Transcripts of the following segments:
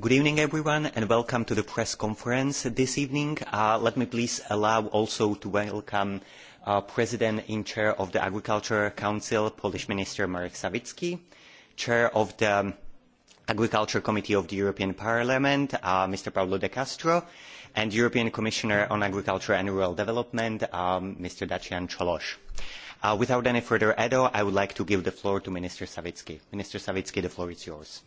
Good evening, everyone, and welcome to the press conference this evening. Uh, let me please allow also to welcome uh, President in Chair of the Agriculture Council, Polish Minister Marek Sawicki, Chair of the Agriculture Committee of the European Parliament, uh, Mr. Pablo de Castro, and European Commissioner on Agriculture and Rural Development, um, Mr. Dacian Cioloș. Uh, without any further ado, I would like to give the floor to Minister Savitsky. Minister Savitsky, the floor is yours.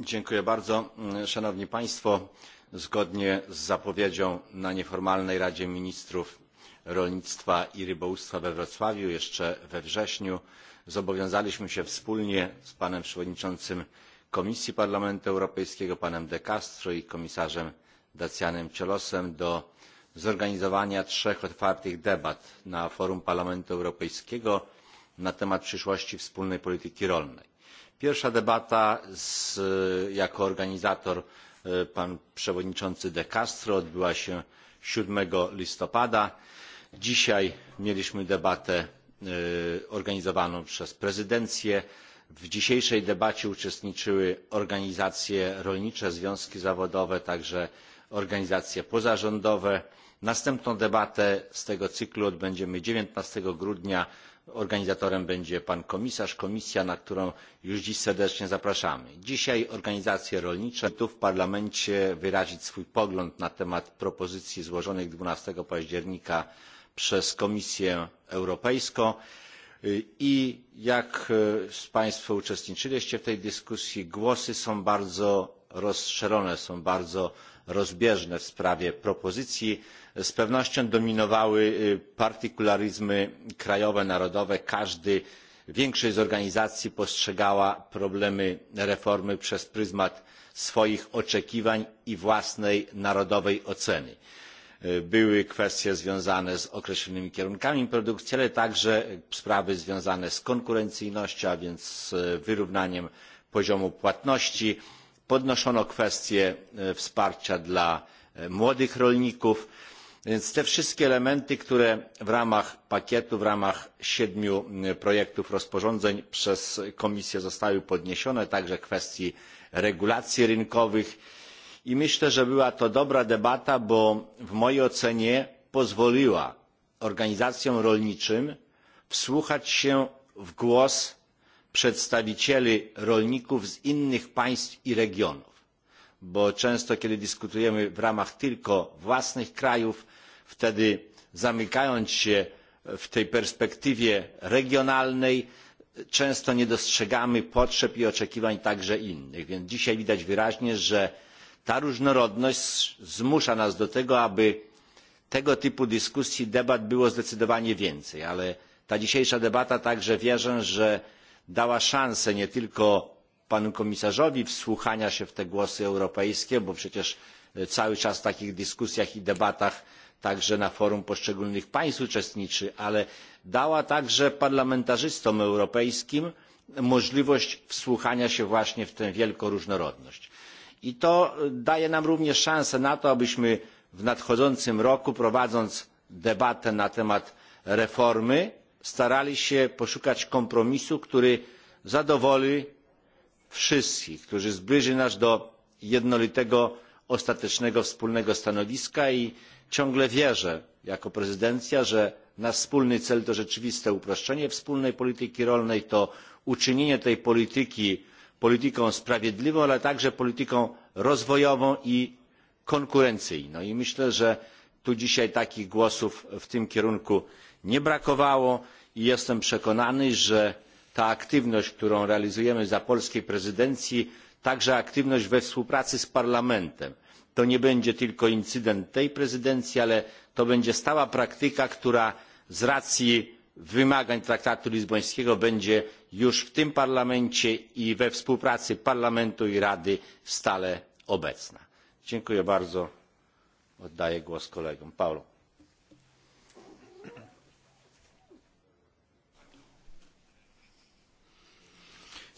Dziękuję bardzo. Szanowni Państwo, zgodnie z zapowiedzią na nieformalnej Radzie Ministrów Rolnictwa i Rybołówstwa we Wrocławiu jeszcze we wrześniu zobowiązaliśmy się wspólnie z panem przewodniczącym Komisji Parlamentu Europejskiego, panem De Castro i komisarzem Dacianem Ciolosem do zorganizowania trzech otwartych debat na forum Parlamentu Europejskiego na temat przyszłości wspólnej polityki rolnej. Pierwsza debata e, jako organizator e, pan przewodniczący de Castro odbyła się 7 listopada. Dzisiaj mieliśmy debatę e, organizowaną przez prezydencję. W dzisiejszej debacie uczestniczyły organizacje rolnicze, związki zawodowe, także organizacje pozarządowe. Następną debatę z tego cyklu odbędziemy 19 grudnia organizatorem będzie pan komisarz komisja na którą już dziś serdecznie zapraszamy. dzisiaj organizacje rolnicze tu w parlamencie wyrazić swój pogląd na temat propozycji złożonych dwanaście października przez komisję europejską i jak z uczestniczyliście w tej dyskusji głosy są bardzo rozszerzone są bardzo rozbieżne w sprawie propozycji z pewnością dominowały partykularyzmy krajowe narodowe każdy większość z organizacji postrzegała problemy reformy przez pryzmat swoich oczekiwań i własnej narodowej oceny. były kwestie związane z określonymi kierunkami produkcji ale także sprawy związane z konkurencyjnością a więc z wyrównaniem poziomu płatności czy podnoszono kwestię e, wsparcia dla e, młodych rolników więc te wszystkie elementy które w ramach pakietu w ramach siedmiu e, projektów rozporządzeń przez komisję zostały podniesione także kwestii regulacji rynkowych i myślę że była to dobra debata bo w mojej ocenie pozwoliła organizacjom rolniczym wsłuchać się w głos przedstawicieli rolników z innych państw i regionów bo często kiedy dyskutujemy w ramach tylko własnych krajów wtedy zamykając się w tej perspektywie regionalnej często nie dostrzegamy potrzeb i oczekiwań także innych więc dzisiaj widać wyraźnie że ta różnorodność zmusza nas do tego aby tego typu dyskusji debat było zdecydowanie więcej ale ta dzisiejsza debata także wierzę że dała szansę nie tylko panu komisarzowi wsłuchania się w te głosy europejskie bo przecież e, cały czas w takich dyskusjach i debatach także na forum poszczególnych państw uczestniczy ale dała także parlamentarzystom europejskim możliwość wsłuchania się właśnie w tę wielką różnorodność. i to e, daje nam również szansę na to abyśmy w nadchodzącym roku prowadząc debatę na temat reformy starali się poszukać kompromisu który zadowoli wszystkich który zbliży nas do jednolitego ostatecznego wspólnego stanowiska i ciągle wierzę jako prezydencja że nasz wspólny cel to rzeczywiste uproszczenie wspólnej polityki rolnej to uczynienie tej polityki polityką sprawiedliwą ale także polityką rozwojową i konkurencyjną i myślę że tu dzisiaj takich głosów w tym kierunku nie brakowało i jestem przekonany że ta aktywność którą realizujemy za polskiej prezydencji także aktywność we współpracy z parlamentem to nie będzie tylko incydent tej prezydencji ale to będzie stała praktyka która z racji wymagań traktatu lizbońskiego będzie już w tym parlamencie i we współpracy parlamentu i rady stale obecna. dziękuję bardzo oddaję głos kolegom. Paulo.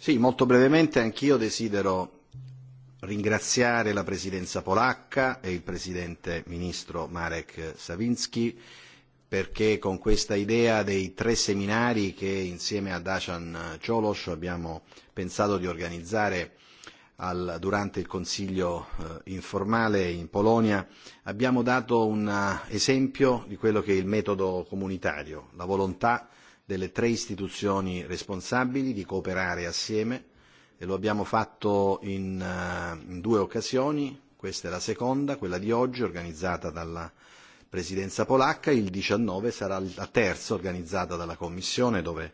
Sì, molto brevemente anch'io desidero ringraziare la presidenza polacca e il presidente ministro Marek Sawinski perché con questa idea dei tre seminari che insieme a Dacian Ciolosz abbiamo pensato di organizzare al, durante il Consiglio eh, informale in Polonia, abbiamo dato un eh, esempio di quello che è il metodo comunitario, la volontà delle tre istituzioni responsabili di cooperare assieme e lo abbiamo fatto in, eh, in due occasioni, questa è la seconda, quella di oggi organizzata dalla Presidenza polacca, il 19 sarà la terza organizzata dalla Commissione dove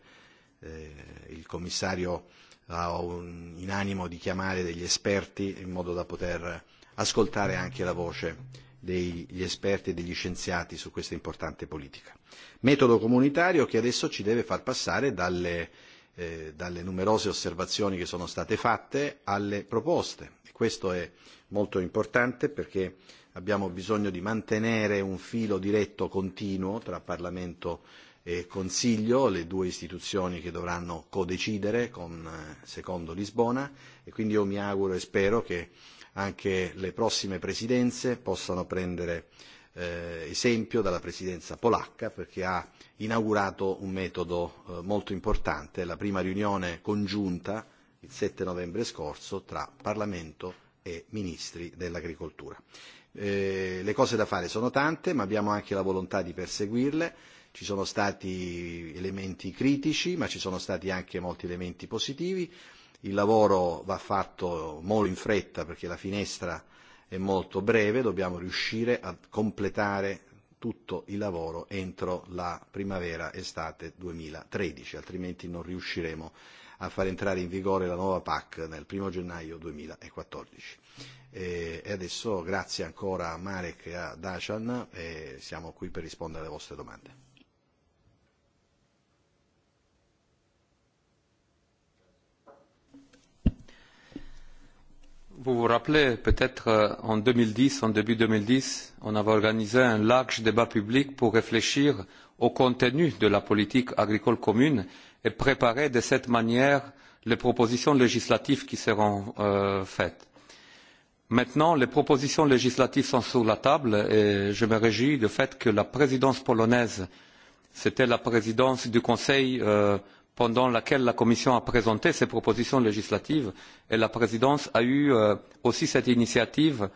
eh, il commissario un, in animo di chiamare degli esperti in modo da poter ascoltare anche la voce degli esperti e degli scienziati su questa importante politica. Metodo comunitario che adesso ci deve far passare dalle, eh, dalle numerose osservazioni che sono state fatte alle proposte. E questo è molto importante perché abbiamo bisogno di mantenere un filo diretto continuo tra Parlamento e Consiglio, le due istituzioni che dovranno codecidere con, eh, secondo Lisbona e quindi io mi auguro e spero che anche le prossime presidenze possano prendere eh, esempio dalla presidenza polacca perché ha inaugurato un metodo eh, molto importante, la prima riunione congiunta il 7 novembre scorso tra Parlamento e Ministri dell'Agricoltura. Eh, le cose da fare sono tante ma abbiamo anche la volontà di perseguirle Ci sono stati elementi critici, ma ci sono stati anche molti elementi positivi. Il lavoro va fatto molto in fretta perché la finestra è molto breve, dobbiamo riuscire a completare tutto il lavoro entro la primavera-estate 2013, altrimenti non riusciremo a far entrare in vigore la nuova PAC nel 1 gennaio 2014. E, e adesso grazie ancora a Marek e a Dacian e siamo qui per rispondere alle vostre domande. vous vous rappelez peut être euh, en deux mille dix en début deux mille dix on avait organisé un large débat public pour réfléchir au contenu de la politique agricole commune et préparer de cette manière les propositions législatives qui seront euh, faites. Maintenant, les propositions législatives sont sur la table et je me réjouis du fait que la présidence polonaise, c'était la présidence du Conseil euh, pendant laquelle la commission a présenté ses propositions législatives et la présidence a eu euh, aussi cette initiative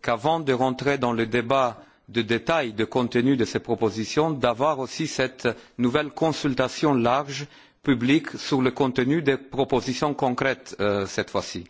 qu'avant de rentrer dans le débat de détail du contenu de ces propositions d'avoir aussi cette nouvelle consultation large publique sur le contenu des propositions concrètes euh, cette fois ci.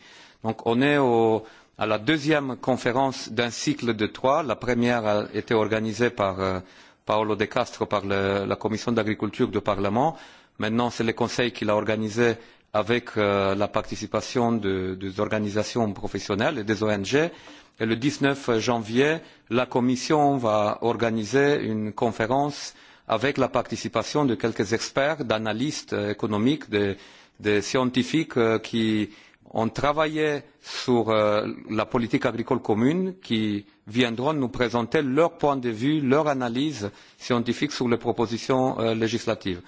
Donc on est au, à la deuxième conférence d'un cycle de trois. La première a été organisée par euh, Paolo De Castro par le, la commission de l'agriculture du Parlement Maintenant, c'est le Conseil qui l'a organisé avec euh, la participation de, des organisations professionnelles et des ONG. Et le 19 janvier, la Commission va organiser une conférence avec la participation de quelques experts, d'analystes euh, économiques, de, de scientifiques euh, qui ont travaillé sur euh, la politique agricole commune, qui viendront nous présenter leur point de vue, leur analyse scientifique sur les propositions euh, législatives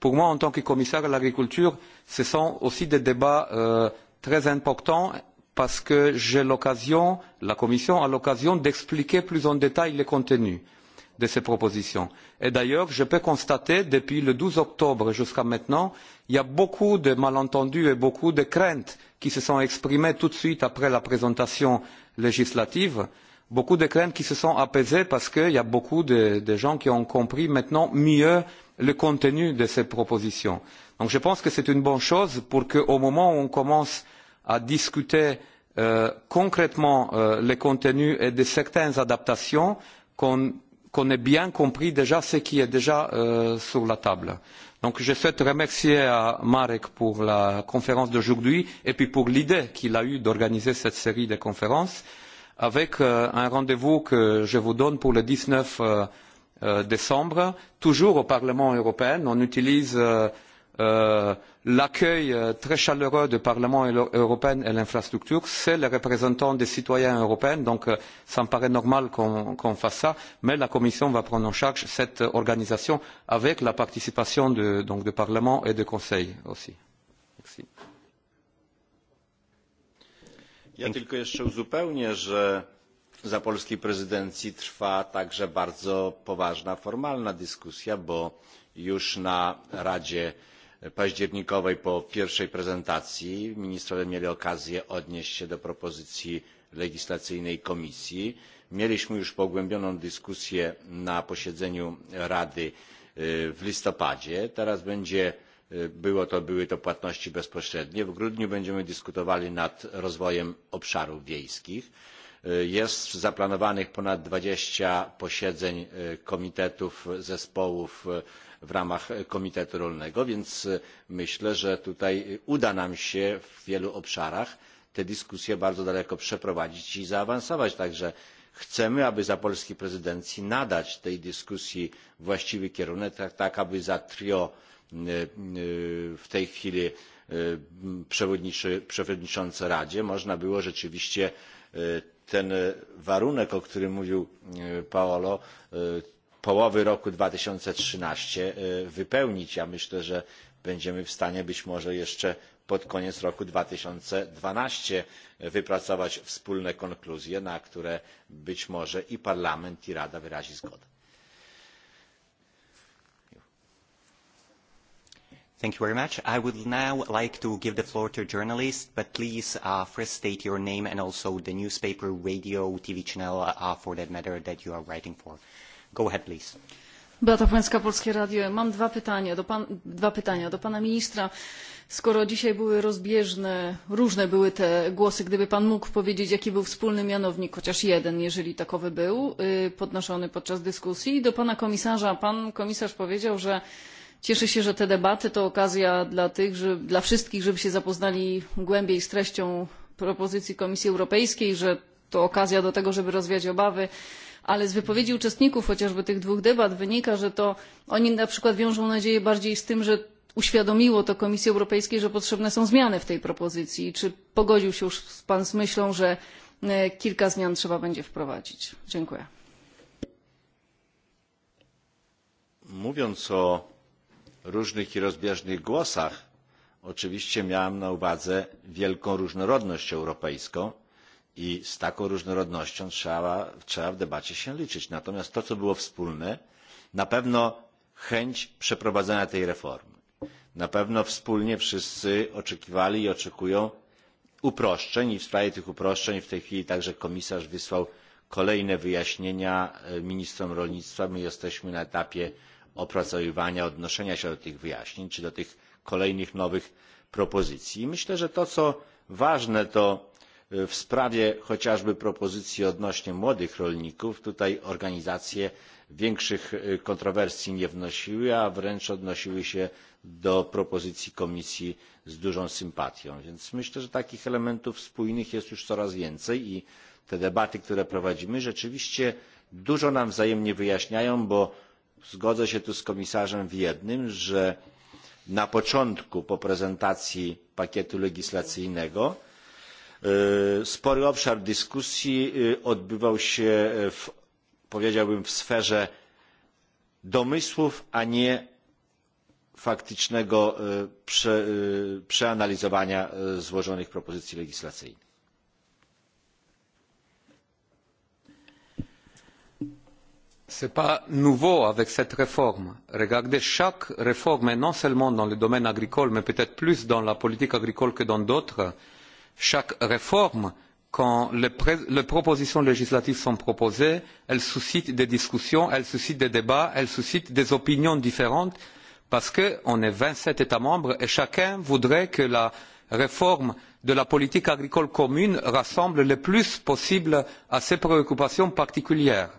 pour moi, en tant que commissaire à l'agriculture, ce sont aussi des débats euh, très importants parce que j'ai l'occasion, la Commission a l'occasion d'expliquer plus en détail le contenu de ces propositions. Et d'ailleurs, je peux constater, depuis le douze octobre jusqu'à maintenant, il y a beaucoup de malentendus et beaucoup de craintes qui se sont exprimées tout de suite après la présentation législative beaucoup de craintes qui se sont apaisées parce qu'il y a beaucoup de gens qui ont compris maintenant mieux le contenu de ces propositions. Donc je pense que c'est une bonne chose pour qu'au moment où on commence à discuter euh, concrètement euh, le contenu et de certaines adaptations, qu'on qu'on ait bien compris déjà ce qui est déjà euh, sur la table. Donc je souhaite remercier à Marek pour la conférence d'aujourd'hui et puis pour l'idée qu'il a eue d'organiser cette série de conférences avec euh, un rendez-vous que je vous donne pour le 19 euh, Euh, décembre toujours au parlement européen on utilise euh, euh l'accueil euh, très chaleureux du parlement européen et l'infrastructure c'est le représentant des citoyens européens donc cela me paraît normal qu'on qu fasse cela mais la commission va prendre en charge cette organisation avec la participation de, donc, du parlement et du conseil aussi. Merci. ja tylko jeszcze uzupełnię że za polskiej prezydencji trwa także bardzo poważna formalna dyskusja bo już na radzie październikowej po pierwszej prezentacji ministrowie mieli okazję odnieść się do propozycji legislacyjnej komisji mieliśmy już pogłębioną dyskusję na posiedzeniu rady w listopadzie teraz będzie było to, były to płatności bezpośrednie w grudniu będziemy dyskutowali nad rozwojem obszarów wiejskich. Eh, jest zaplanowanych ponad dwadzieścia posiedzeń eh, komitetów zespołów eh, w ramach komitetu rolnego więc myślę że tutaj uda nam się w wielu obszarach te dyskusje bardzo daleko przeprowadzić i zaawansować także chcemy aby za polskiej prezydencji nadać tej dyskusji właściwy kierunek tak, tak aby za trio w tej chwili przewodniczące radzie można było rzeczywiście ten e, warunek o którym mówił e, paolo e, połowy roku dwa tysiące trzynaście wypełnić. ja myślę że będziemy w stanie być może jeszcze pod koniec roku dwa tysiące dwanaście wypracować wspólne konkluzje na które być może i parlament i rada wyrazi zgodę. Thank you very much. I would now like to give the floor to journalists, but please uh, first state your name and also the newspaper, radio, TV channel, uh, uh, for that matter, that you are writing for. Go ahead, please. Beata Płęcka, Polskie Radio. Mam dwa pytania, do pan, dwa pytania do pana ministra. Skoro dzisiaj były rozbieżne, różne były te głosy, gdyby pan mógł powiedzieć, jaki był wspólny mianownik, chociaż jeden, jeżeli takowy był, podnoszony podczas dyskusji. Do pana komisarza. Pan komisarz powiedział, że Cieszę się, że te debaty to okazja dla tych, że, dla wszystkich, żeby się zapoznali głębiej z treścią propozycji Komisji Europejskiej, że to okazja do tego, żeby rozwiać obawy, ale z wypowiedzi uczestników chociażby tych dwóch debat wynika, że to oni na przykład wiążą nadzieję bardziej z tym, że uświadomiło to Komisji Europejskiej, że potrzebne są zmiany w tej propozycji. Czy pogodził się już Pan z myślą, że e, kilka zmian trzeba będzie wprowadzić? Dziękuję. Mówiąc o różnych i rozbieżnych głosach oczywiście miałem na uwadze wielką różnorodność europejską i z taką różnorodnością trzeba, trzeba w debacie się liczyć. Natomiast to, co było wspólne, na pewno chęć przeprowadzenia tej reformy. Na pewno wspólnie wszyscy oczekiwali i oczekują uproszczeń i w sprawie tych uproszczeń w tej chwili także komisarz wysłał kolejne wyjaśnienia e, ministrom rolnictwa. My jesteśmy na etapie opracowywania, odnoszenia się do tych wyjaśnień czy do tych kolejnych nowych propozycji. myślę, że to co ważne to w sprawie chociażby propozycji odnośnie młodych rolników tutaj organizacje większych kontrowersji nie wnosiły, a wręcz odnosiły się do propozycji komisji z dużą sympatią. Więc myślę, że takich elementów spójnych jest już coraz więcej i te debaty, które prowadzimy, rzeczywiście dużo nam wzajemnie wyjaśniają, bo zgodzę się tu z komisarzem w jednym że na początku po prezentacji pakietu legislacyjnego spory obszar dyskusji odbywał się w, powiedziałbym w sferze domysłów a nie faktycznego prze, przeanalizowania złożonych propozycji legislacyjnych. n'est pas nouveau avec cette réforme. regardez chaque réforme et non seulement dans le domaine agricole mais peut être plus dans la politique agricole que dans d'autres chaque réforme quand les, les propositions législatives sont proposées elles suscitent des discussions elles suscitent des débats elles suscitent des opinions différentes parce qu'on est vingt sept états membres et chacun voudrait que la réforme de la politique agricole commune rassemble le plus possible à ses préoccupations particulières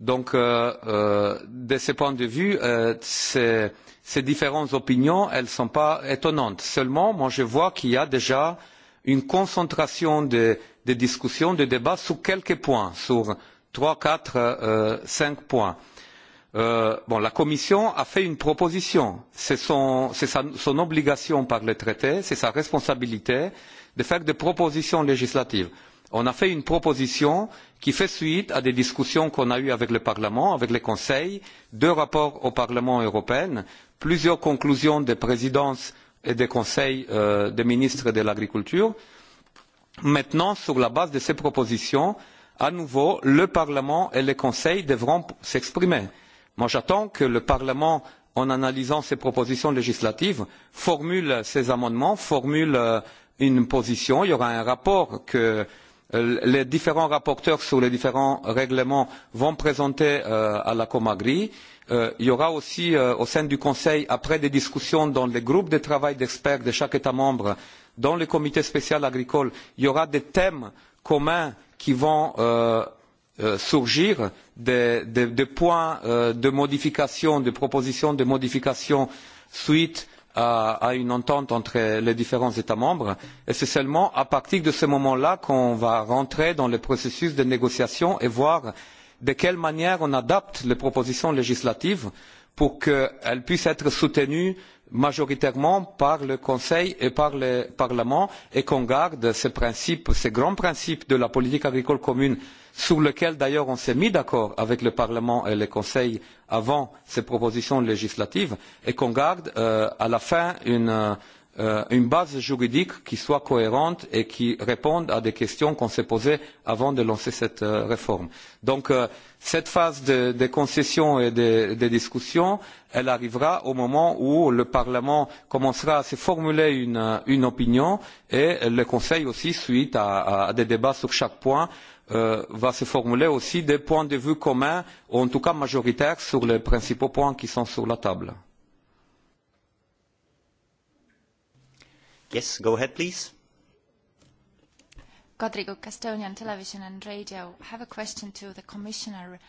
Donc, euh, euh, de ce point de vue, euh, ces, ces différentes opinions, elles ne sont pas étonnantes. Seulement, moi, je vois qu'il y a déjà une concentration de, de discussions, de débats sur quelques points, sur trois, quatre, euh, cinq points. Euh, bon, la Commission a fait une proposition. C'est son, son obligation par le traité, c'est sa responsabilité de faire des propositions législatives on a fait une proposition qui fait suite à des discussions qu'on a eues avec le Parlement, avec le Conseil, deux rapports au Parlement européen, plusieurs conclusions des présidences et des conseils euh, des ministres de l'Agriculture. Maintenant, sur la base de ces propositions, à nouveau, le Parlement et le Conseil devront s'exprimer. Moi, j'attends que le Parlement, en analysant ces propositions législatives, formule ses amendements, formule euh, une position. Il y aura un rapport que Euh, les différents rapporteurs sur les différents règlements vont présenter euh, à la Comagri. Euh, il y aura aussi euh, au sein du Conseil, après des discussions dans les groupes de travail d'experts de chaque État membre, dans le comité spécial agricole, des thèmes communs qui vont surgir, des, points de modification, des propositions de modification suite à, à une entente entre les différents États membres. Et c'est seulement à partir de ce moment-là qu'on va rentrer dans le processus de négociation et voir de quelle manière on adapte les propositions législatives pour qu'elles puissent être soutenues majoritairement par le Conseil et par le Parlement et qu'on garde ces principes, ces grands principes de la politique agricole commune sur lesquels d'ailleurs on s'est mis d'accord avec le Parlement et le Conseil avant ces propositions législatives et qu'on garde euh, à la fin une, euh, une base juridique qui soit cohérente et qui réponde à des questions qu'on s'est posées avant de lancer cette euh, réforme. Donc euh, cette phase des de concessions et des de discussions, elle arrivera au moment où le Parlement commencera à se formuler une, euh, une opinion et le Conseil aussi, suite à, à des débats sur chaque point, euh, va se formuler aussi des points de vue communs, ou en tout cas majoritaires, sur les principaux points qui sont sur la table. Yes, go ahead, please. Godrigo, Castilian Television and Radio. I have a question to the Commissioner.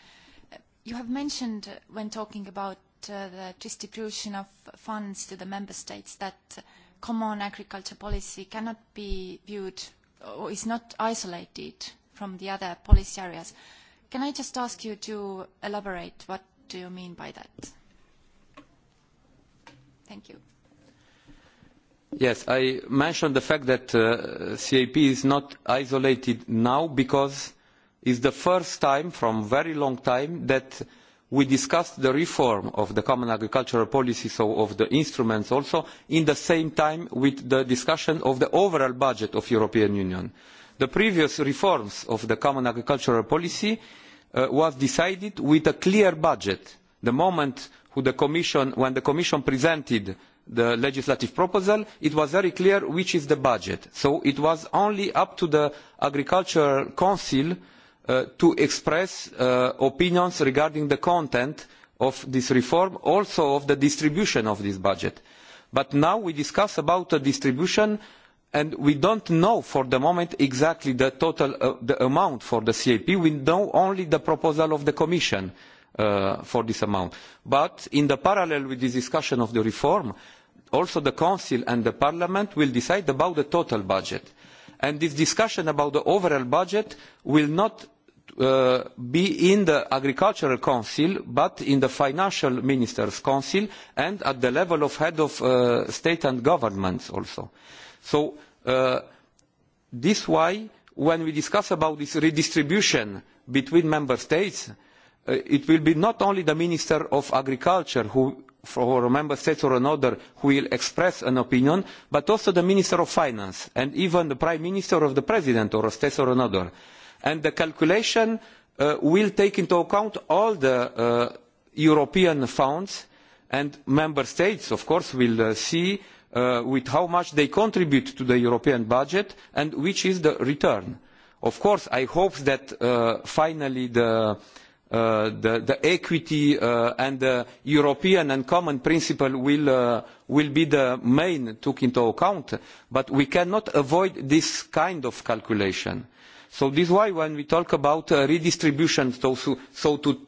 Uh, you have mentioned uh, when talking about uh, the distribution of funds to the Member States that uh, common agriculture policy cannot be viewed or is not isolated from the other policy areas. Can I just ask you to elaborate what do you mean by that? Thank you. Yes, I mentioned the fact that the uh, CAP is not isolated now because it is the first time a very long time that we discussed the reform of the common agricultural policy, so of the instruments also, in the same time with the discussion of the overall budget of the European Union. The previous reforms of the common agricultural policy uh, was decided with a clear budget. The moment when the Commission presented the legislative proposal, it was very clear which is the budget. So it was only up to the Agricultural Council uh, to express uh, opinions regarding the content of this reform, also of the distribution of this budget. But now we discuss about the distribution and we don't know for the moment exactly the total uh, the amount for the CAP. We know only the proposal of the Commission uh, for this amount. But in the parallel with the discussion of the reform, also the Council and the Parliament will decide about the total budget. And this discussion about the overall budget will not Uh, be in the agricultural council but in the financial ministers council and at the level of head of uh, state and governments also so uh, this why when we discuss about this redistribution between member states uh, Uh, it will be not only the Minister of Agriculture who for a member state or another who will express an opinion, but also the Minister of Finance and even the Prime Minister of the President or a state or another. And the calculation uh, will take into account all the uh, European funds and member states, of course, will uh, see uh, with how much they contribute to the European budget and which is the return. Of course, I hope that uh, finally the Uh, the, equity uh, and the European and common principle will, uh, will be the main took into account, but we cannot avoid this kind of calculation. So this is why when we talk about uh, redistribution, so, so, to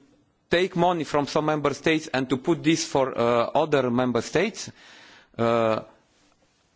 take money from some member states and to put this for uh, other member states, at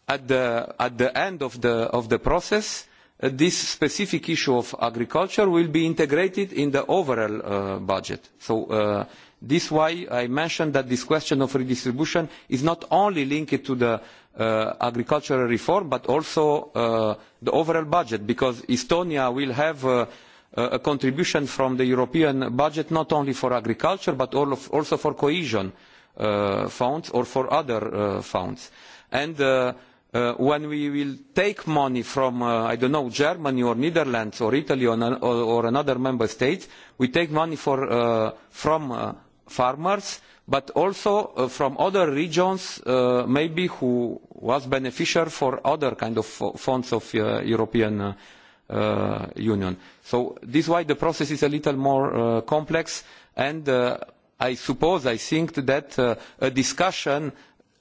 the, at, the, end of the, of the process, Uh, this specific issue of agriculture will be integrated in the overall uh, budget. So uh, this is why I mentioned that this question of redistribution is not only linked to the uh, agricultural reform, but also uh, the overall budget, because Estonia will have uh, a contribution from the European budget not only for agriculture, but of, also for cohesion uh, funds or for other uh, funds. And uh, Uh, when we will take money from, uh, I don't know, Germany or Netherlands or Italy or, or, another member state, we take money for, uh, from uh, farmers, but also uh, from other regions, maybe who was beneficial for other kind of funds of European Union. So this is why the process is a little more complex and I suppose, I think that a discussion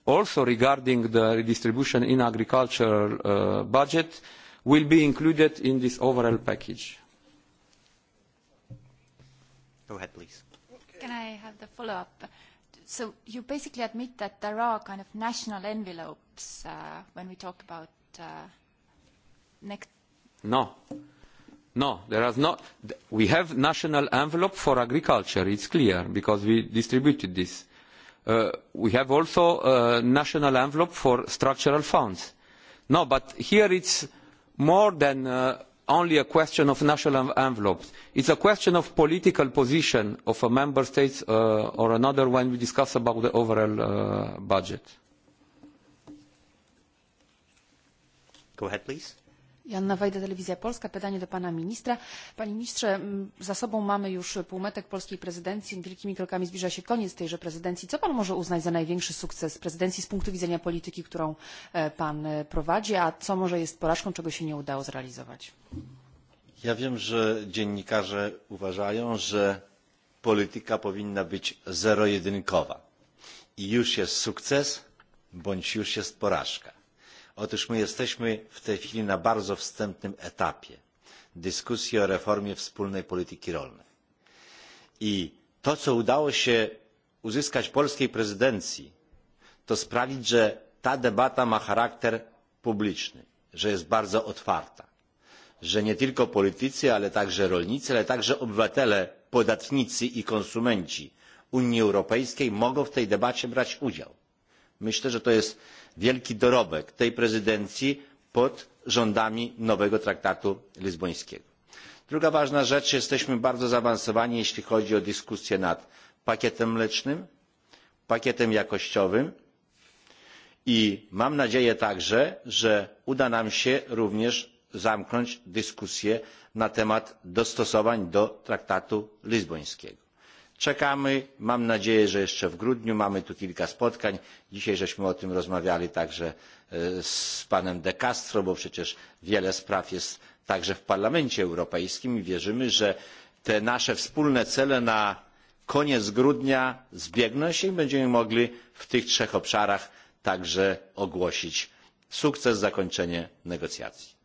also regarding the redistribution in agricultural uh, budget will be included in this overall package. Go ahead, please. Can I have the follow-up? So you basically admit that there are kind of national envelopes uh, when we talk about uh, next... No. No, there are not. We have national envelope for agriculture. It's clear because we distributed this. Uh, Uh, we have also a uh, national envelope for structural funds. No, but here it's more than uh, only a question of national envelopes. It's a question of political position of a member state uh, or another when we discuss about the overall uh, budget. Go ahead, please. Janna Wajda, Telewizja Polska. Pytanie do pana ministra. Panie ministrze, za sobą mamy już półmetek polskiej prezydencji. Wielkimi krokami zbliża się koniec tejże prezydencji. Co pan może uznać za największy sukces prezydencji z punktu widzenia polityki, którą e, pan e, prowadzi, a co może jest porażką, czego się nie udało zrealizować? Ja wiem, że dziennikarze uważają, że polityka powinna być zero-jedynkowa. I już jest sukces, bądź już jest porażka Otóż my jesteśmy w tej chwili na bardzo wstępnym etapie dyskusji o reformie wspólnej polityki rolnej. I to, co udało się uzyskać polskiej prezydencji, to sprawić, że ta debata ma charakter publiczny, że jest bardzo otwarta, że nie tylko politycy, ale także rolnicy, ale także obywatele, podatnicy i konsumenci Unii Europejskiej mogą w tej debacie brać udział myślę że to jest wielki dorobek tej prezydencji pod rządami nowego traktatu lizbońskiego. druga ważna rzecz jesteśmy bardzo zaawansowani jeśli chodzi o dyskusję nad pakietem mlecznym pakietem jakościowym i mam nadzieję także że uda nam się również zamknąć dyskusję na temat dostosowań do traktatu lizbońskiego. Czekamy. Mam nadzieję, że jeszcze w grudniu mamy tu kilka spotkań. Dzisiaj żeśmy o tym rozmawiali także e, z panem De Castro, bo przecież wiele spraw jest także w Parlamencie Europejskim i wierzymy, że te nasze wspólne cele na koniec grudnia zbiegną się i będziemy mogli w tych trzech obszarach także ogłosić sukces zakończenie negocjacji.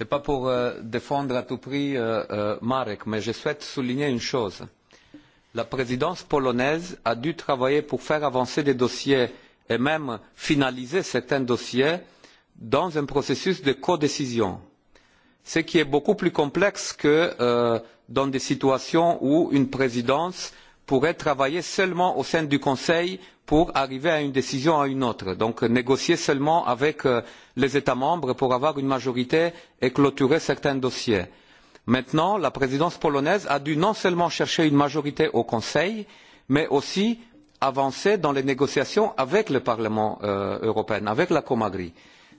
n'est pas pour euh, défendre à tout prix euh, euh, Marek, mais je souhaite souligner une chose. La présidence polonaise a dû travailler pour faire avancer des dossiers et même finaliser certains dossiers dans un processus de codécision, ce qui est beaucoup plus complexe que euh, dans des situations où une présidence pourrait travailler seulement au sein du Conseil pour arriver à une décision à une autre. Donc négocier seulement avec euh, les États membres pour avoir une majorité et clôturer certains dossiers. Maintenant, la présidence polonaise a dû non seulement chercher une majorité au Conseil, mais aussi avancer dans les négociations avec le Parlement euh, européen, avec la Comagri.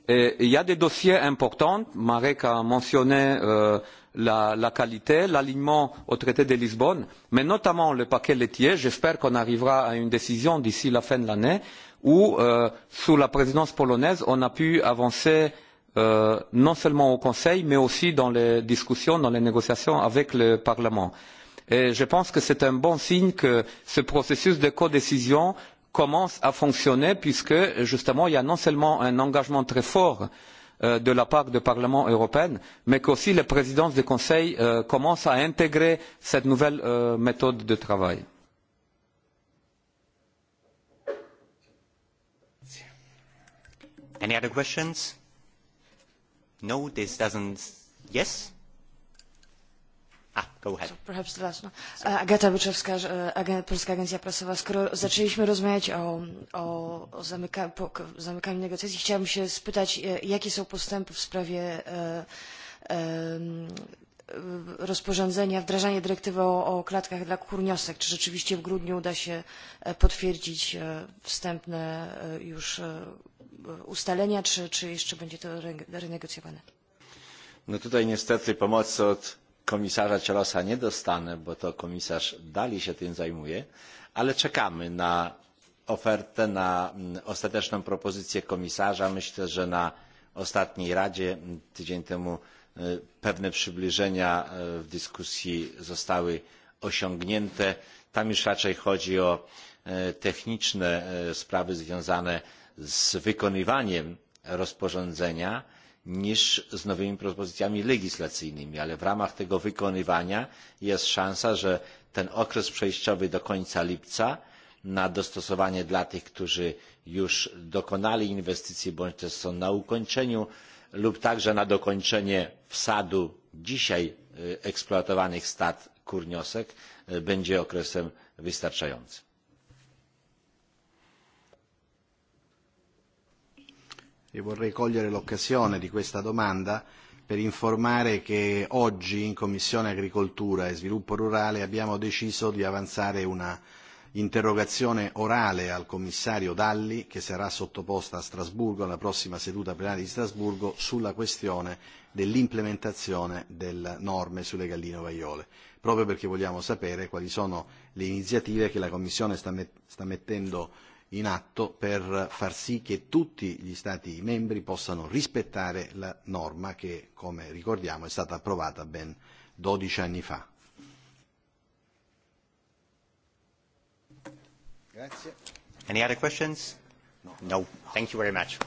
Et il y a des dossiers importants. Marek a mentionné euh, la, la qualité, l'alignement au traité de Lisbonne, mais notamment le paquet laitier. J'espère qu'on arrivera à une décision d'ici la fin de l'année où, euh, sous la présidence polonaise, on a pu avancer euh, non seulement au Conseil, mais aussi dans les discussions, dans les négociations avec le Parlement. Et je pense que c'est un bon signe que ce processus de codécision commence à fonctionner puisque justement il y a non seulement un engagement très fort Euh, de la part du Parlement européen, mais que les présidences du Conseil euh, commencent à intégrer cette nouvelle euh, méthode de travail. Any other questions? No, this doesn't. Yes? Ah, go ahead. Perhaps the last one. Uh, Agata Buczewska, eh, Polska Agencja Prasowa. Skoro zaczęliśmy rozmawiać o, o, o zamyka, po, zamykaniu negocjacji, chciałam się spytać, eh, jakie są postępy w sprawie e, eh, rozporządzenia, wdrażania dyrektywy o, o klatkach dla kurniosek. Czy rzeczywiście w grudniu uda się potwierdzić wstępne już ustalenia, czy, czy jeszcze będzie to renegocjowane? No tutaj niestety pomocy od komisarza Cielosa nie dostanę, bo to komisarz Dali się tym zajmuje, ale czekamy na ofertę, na mm, ostateczną propozycję komisarza. Myślę, że na ostatniej Radzie mm, tydzień temu pewne przybliżenia w dyskusji zostały osiągnięte. Tam już raczej chodzi o techniczne sprawy związane z wykonywaniem rozporządzenia niż z nowymi propozycjami legislacyjnymi ale w ramach tego wykonywania jest szansa że ten okres przejściowy do końca lipca na dostosowanie dla tych którzy już dokonali inwestycji bądź też są na ukończeniu lub także na dokończenie wsadu dzisiaj eksploatowanych stad kurniosek będzie okresem wystarczającym. e vorrei cogliere l'occasione di questa domanda per informare che oggi in Commissione Agricoltura e Sviluppo Rurale abbiamo deciso di avanzare una interrogazione orale al commissario Dalli, che sarà sottoposta a Strasburgo alla prossima seduta plenaria di Strasburgo, sulla questione dell'implementazione delle norme sulle galline ovaiole, proprio perché vogliamo sapere quali sono le iniziative che la Commissione sta, met- sta mettendo in atto per far sì che tutti gli Stati membri possano rispettare la norma che, come ricordiamo, è stata approvata ben 12 anni fa. Grazie. Any other questions? No. no. Thank you very much.